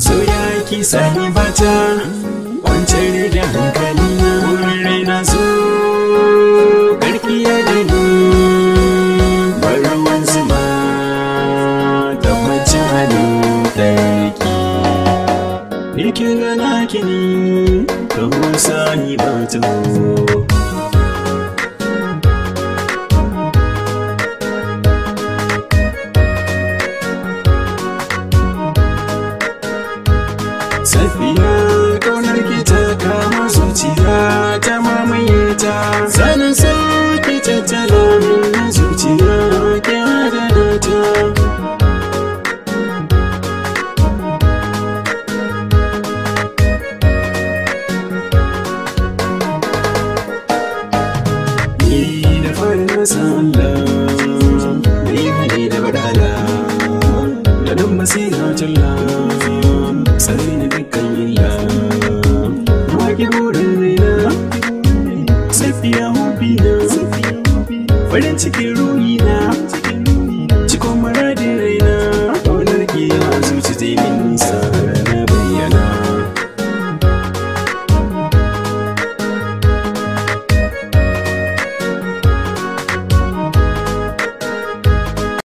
soya ki sani bata wancan da hankali na wurin raina so karkiya da ni barawan zuma da mace hannu ɗarki Rikin gana kini, ka husa ni kaunar ki ta kama zuciya ta mamaye ta sanin sauki tattala min zuciya ki adana ta ni da farin nasa ni hali da da na dukkan illa tafiya hubina farin cikin na.